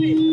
pode.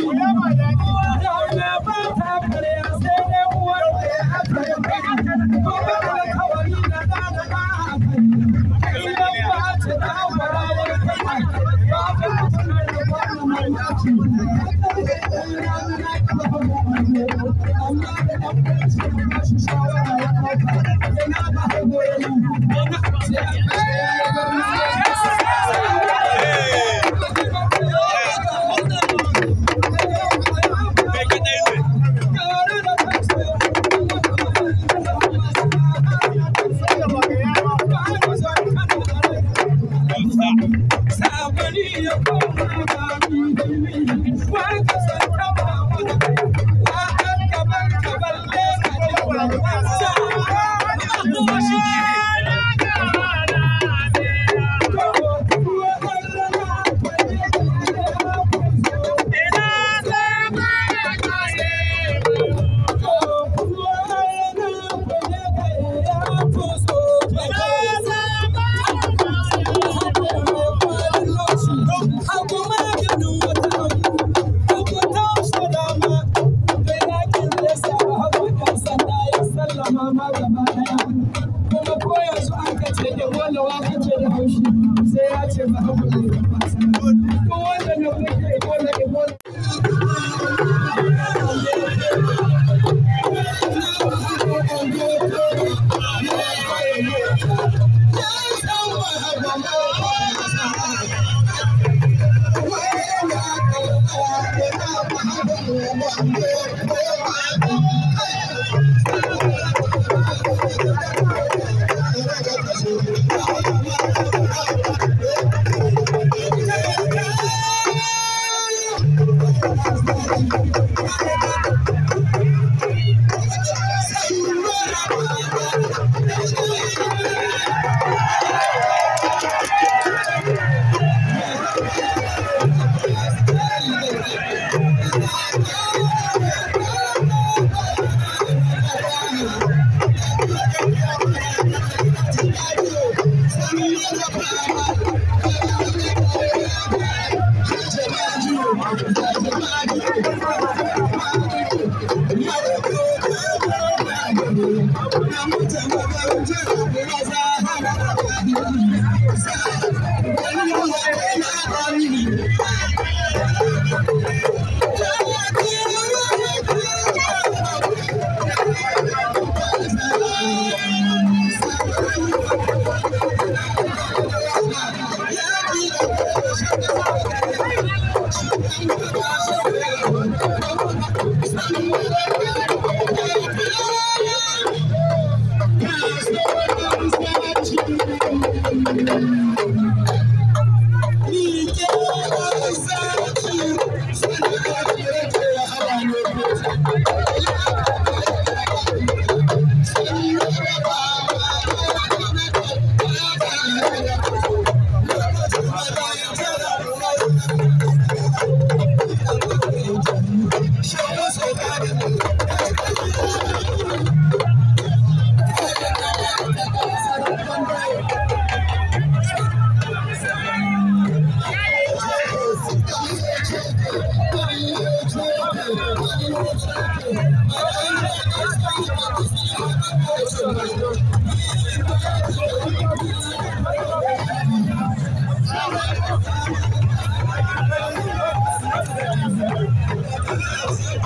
Thank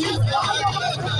you.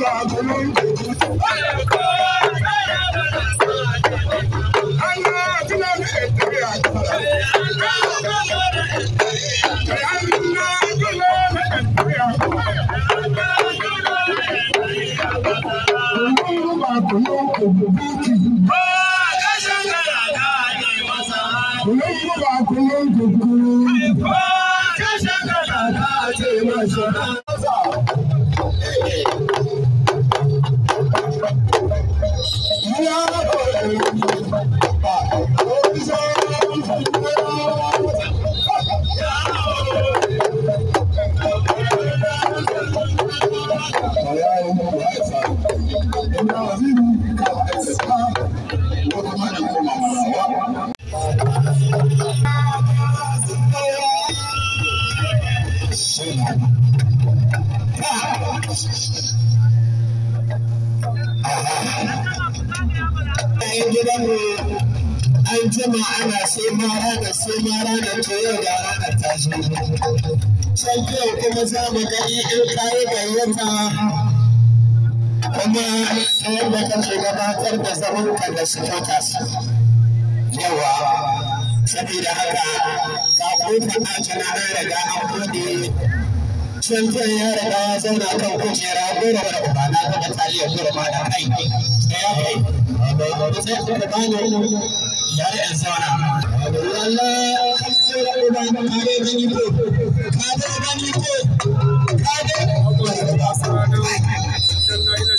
Flag, da ke gabatar da zamanka da supporters yawa saboda haka ta kofin ajina an riga an buɗe champion ya riga ya zauna kan kujera gora da uba na ga bataliyar ma da kai da ya kai sai ba bani ya da yan zauna wallahi sai uba ka ga gani ko kare gani ko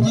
you.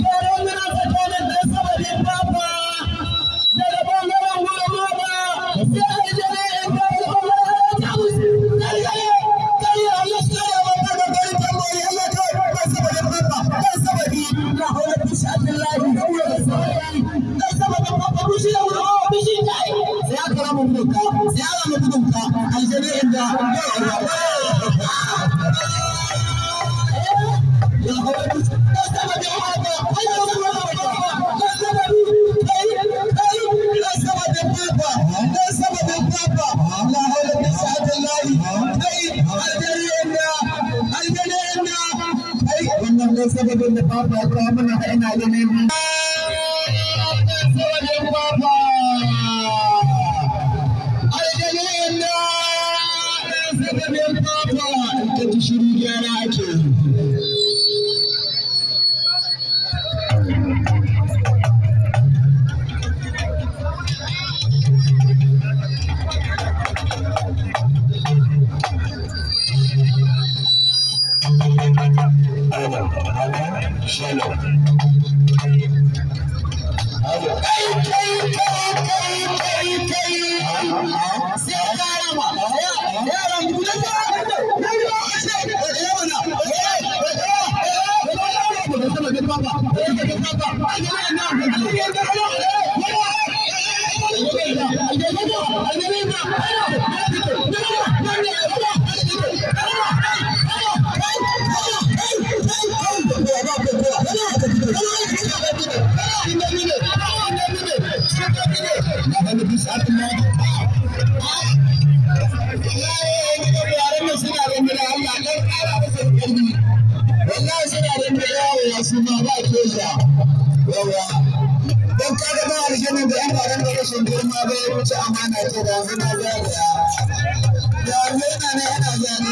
Opo, opo, opo, nakainali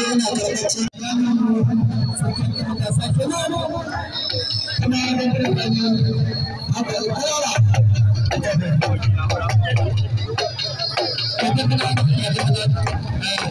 je ina karɓar ce kuma ya ga gani haka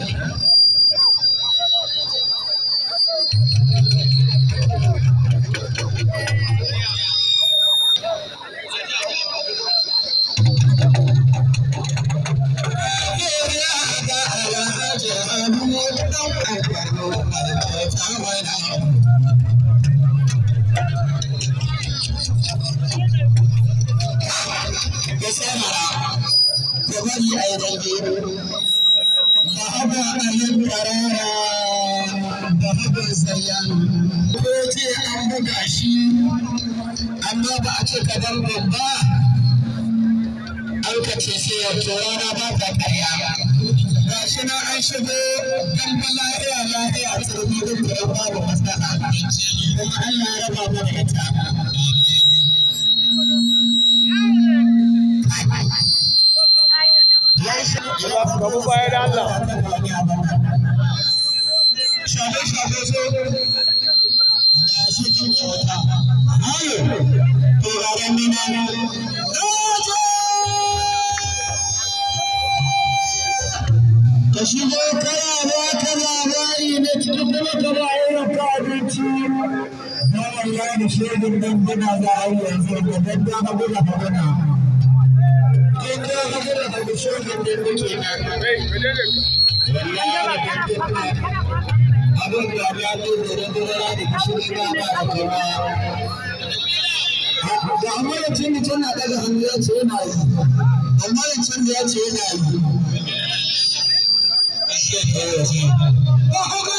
ka shigo kana ba na ba abinci na wallahi shegin da dan da ka abin dariya ne da rarrara da gishiri ba ba da da amma da can da na daga hannu ya ce yana yi amma da can da ya ce yana yi ba hukun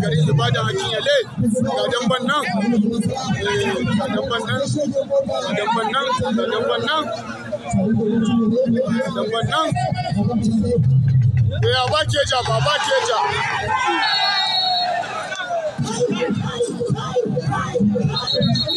garin Ibadan a Kinyale eh, ga damban nan ga damban nan ga damban nan ga damban nan ga damban nan ya ba ja ba ba keja Thank you.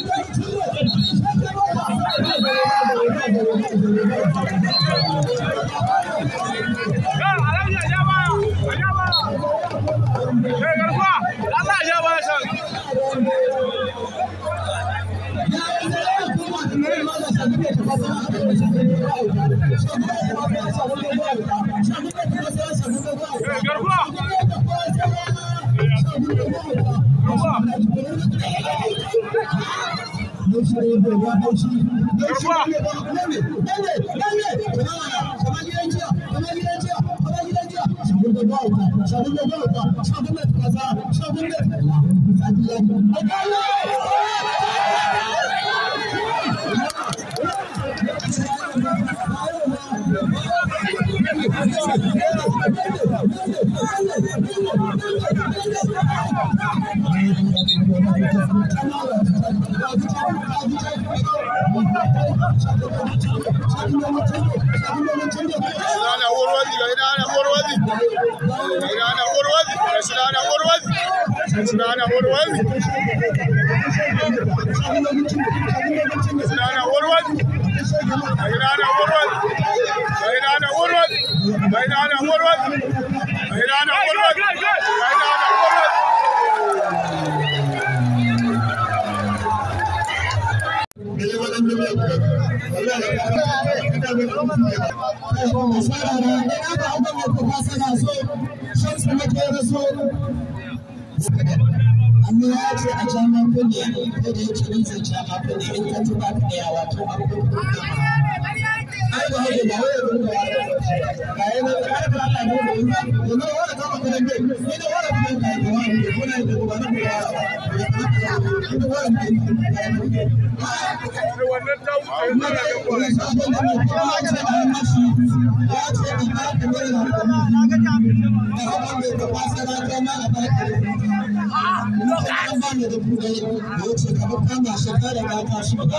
Bauchi, Bauchi, Bauchi, Bauchi, Bauchi, Bauchi, Bauchi, na ce a jami'an kulle ko da yake ni zai jami'a kulle in ka tuba ka da yawa to an kulle ka ai ba haka ba wai kun ga ba yana da karfa Allah ne da yi to na wala ka maka nan ni da wala kun ka da wani ne kuna da kuma na kuma da wala wannan ta wuce yana da kuma sai da kuma ce a ya ce da ba ku wani hakuri da hakan bai ka fasa na kai na a baki kan ba ni da kuɗe da ya ce ka bi kama shi ka da ba ka shi ba ce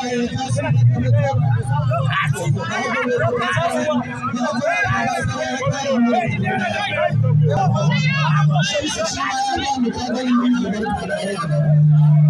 a yi ka su ka bi ka Thank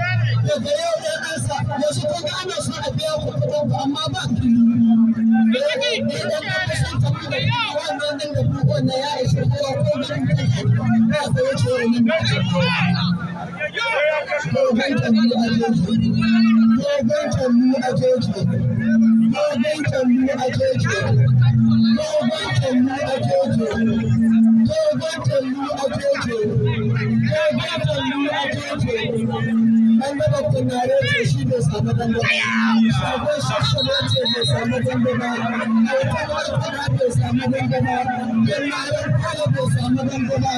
daga yau ya ansa yanzu kun ga ana so a biya ku kuɗin amma ba ku idan ka da wannan din da duk wannan ya ko ya a bangaren tunare ce shi 'da samu dambe ba shashaba ce bai samu ba aikin alfara bai samu dambe ba tunaren kwale bai samu dambe ba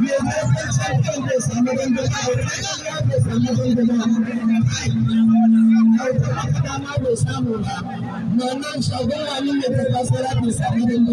mai zaɓen shagon bai samu dambe ba aikara bai samu dambe ba aikara kada ma bai samu ba wannan shagon wani mai tafasara bai samu dambe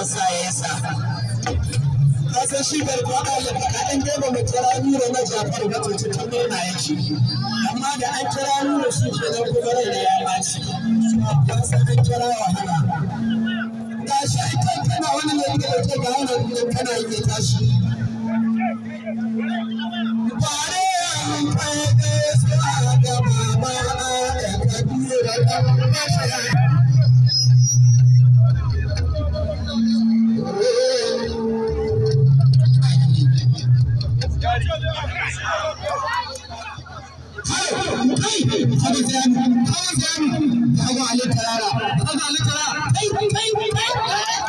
rasa ya yasa ka san shi garba Allah ka dan gaba mu kira nura na Jafar ba to ta murna yake amma da an kira nura shi ke nan kuma rai da ya baci kan san an kira wahala tashi ai kan kana wani ne da ke ga wani da kana yi tashi bare an kai ga su a gaba ba a da kabira da kai kaga sai an kaga sai an kaga alitarara kaga alitarara kai kai kai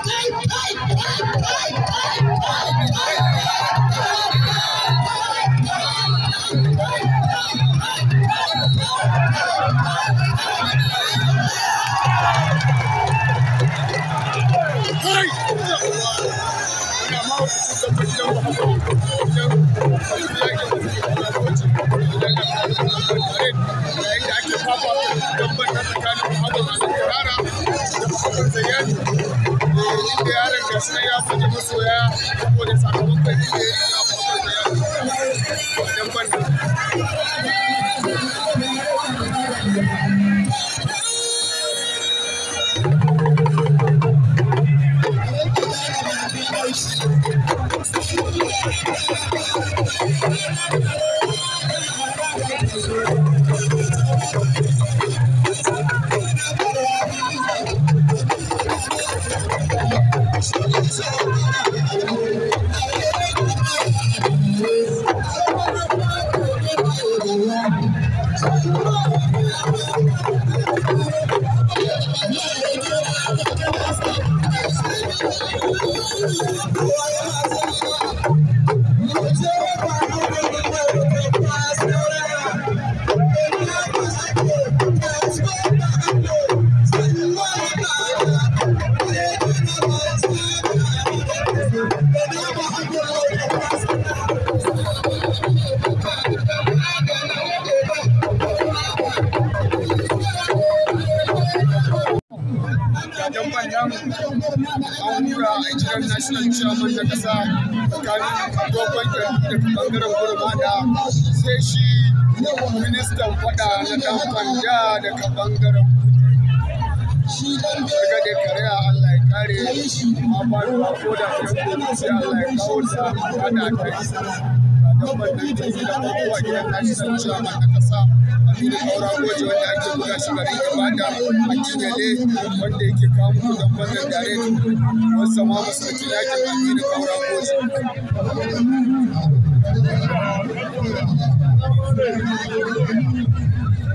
ga shi ya faɗi masoya saboda sakamakon da ya yi na babban da ya yi ka bangaren shi dan daga da kariya Allah ya kare amma ba da ko da kuma sai Allah ya kawo sa ana kai dabbar da ta fi da kowa gidan national chairman na kasa aminu ko goje wanda ake buga shi garin ibada a kinyale wanda yake kawo da wannan dare wasa ma masarki da aminu kaura goje Thank you.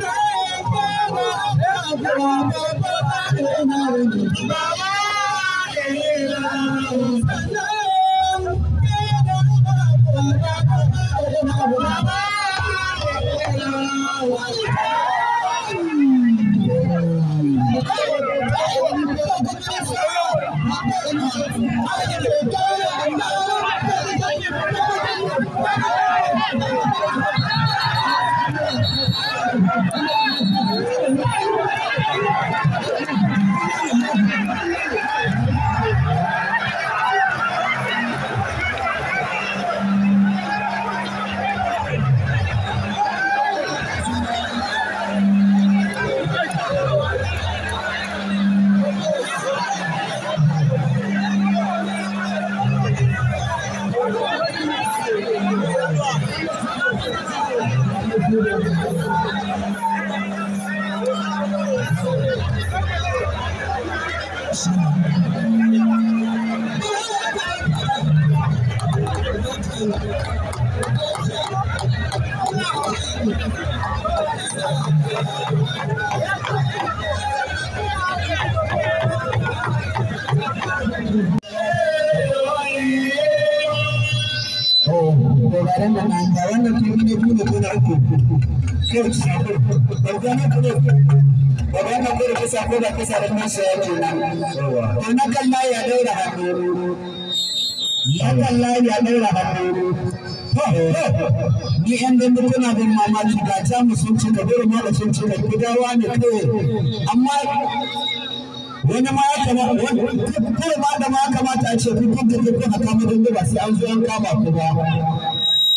Baba, Baba, Baba, Baba, Baba, yau sabo bargana ko bargana ko da kasa ko da kasa da sai yake nan to na kalla ya daura hannu ya kalla ya daura hannu ni yan dambe kuna bin mamaki ga ta mu sun ci da gurin mala sun ci da gidawa ne kawai amma wani ma ya kama kawai ma da ma kamata a ce kun kun kun kun kama dambe ba sai an zo an kama ku ba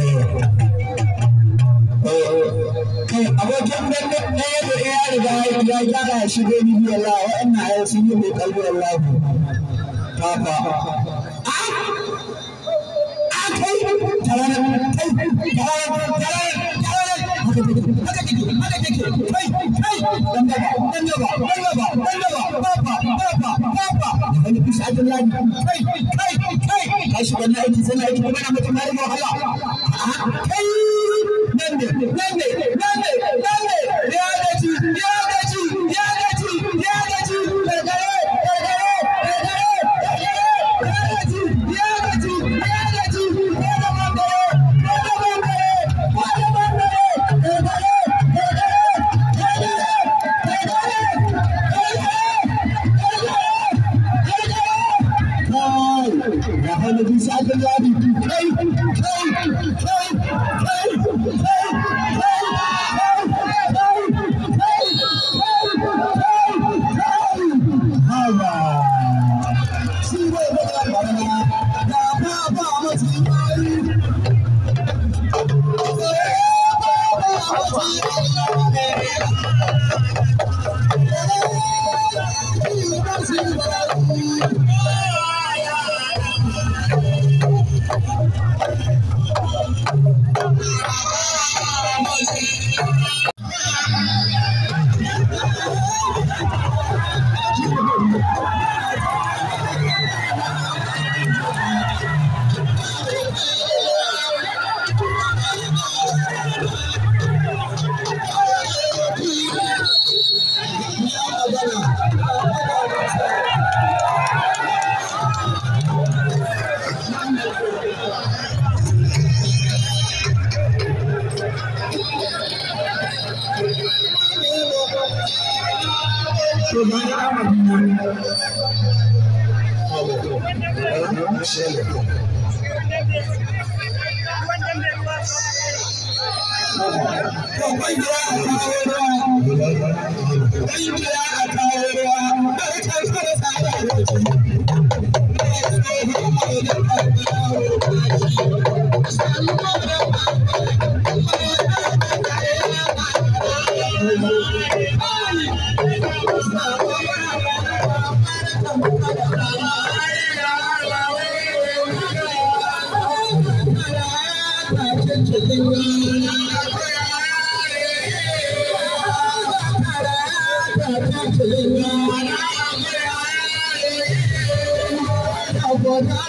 kai abokin dande ɗaya da ya riga ya gyara ya shigo ni biyu Allah waɗannan ayar sun yi mai kalbi Allah a a kai tarar kai tarar tarar haka take haka take kai kai dan da dan dan dan dan kai kai kai kai shi wannan aiki aiki kuma na mutum wahala nan ne nan ne nan ne Thank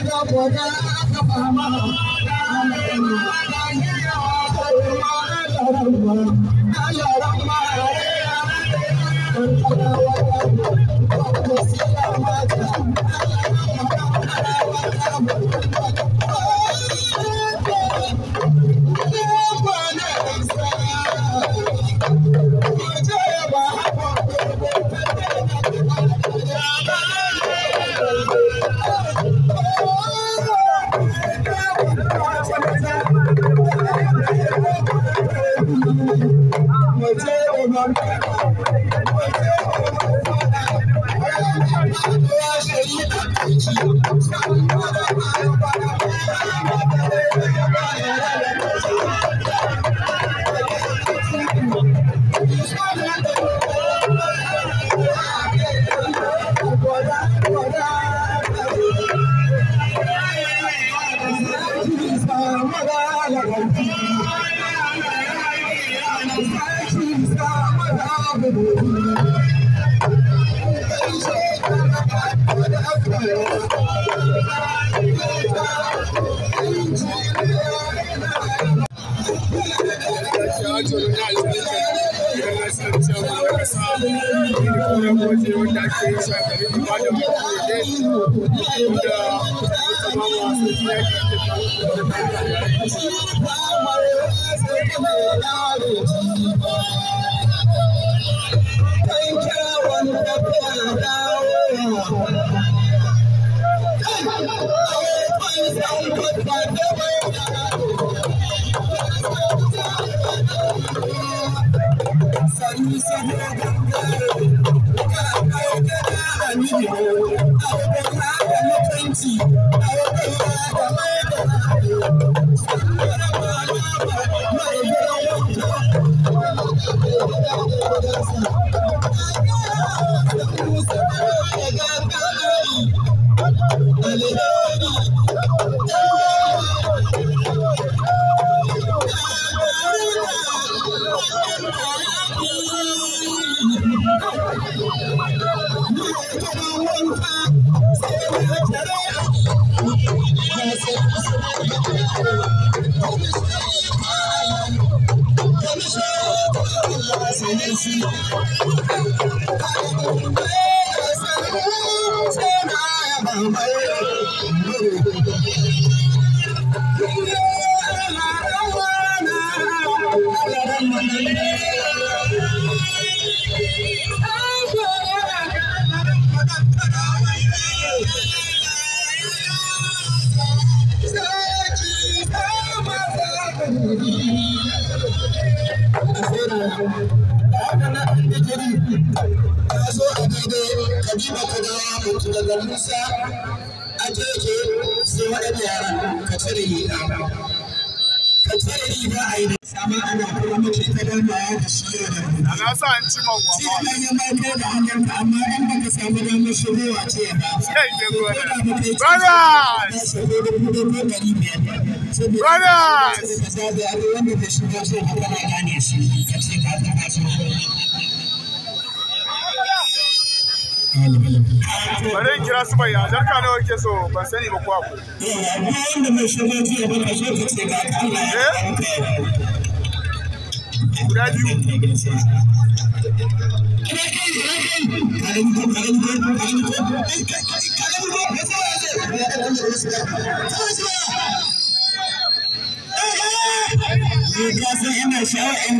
ga gobe aka fama waje wanda ake yi shakari kuma da makoge da kuma wasu fiye da ta Ni ya ta shi a ta da Na sa an ci mawa. Shi da amma in ya ba. Sai ke ruwa. Bara! Bara! Bara! Bara! Bara! Bara! Bara! Bara! bari kira su bai jarka nawa so ban sani ba ko guda biyu da an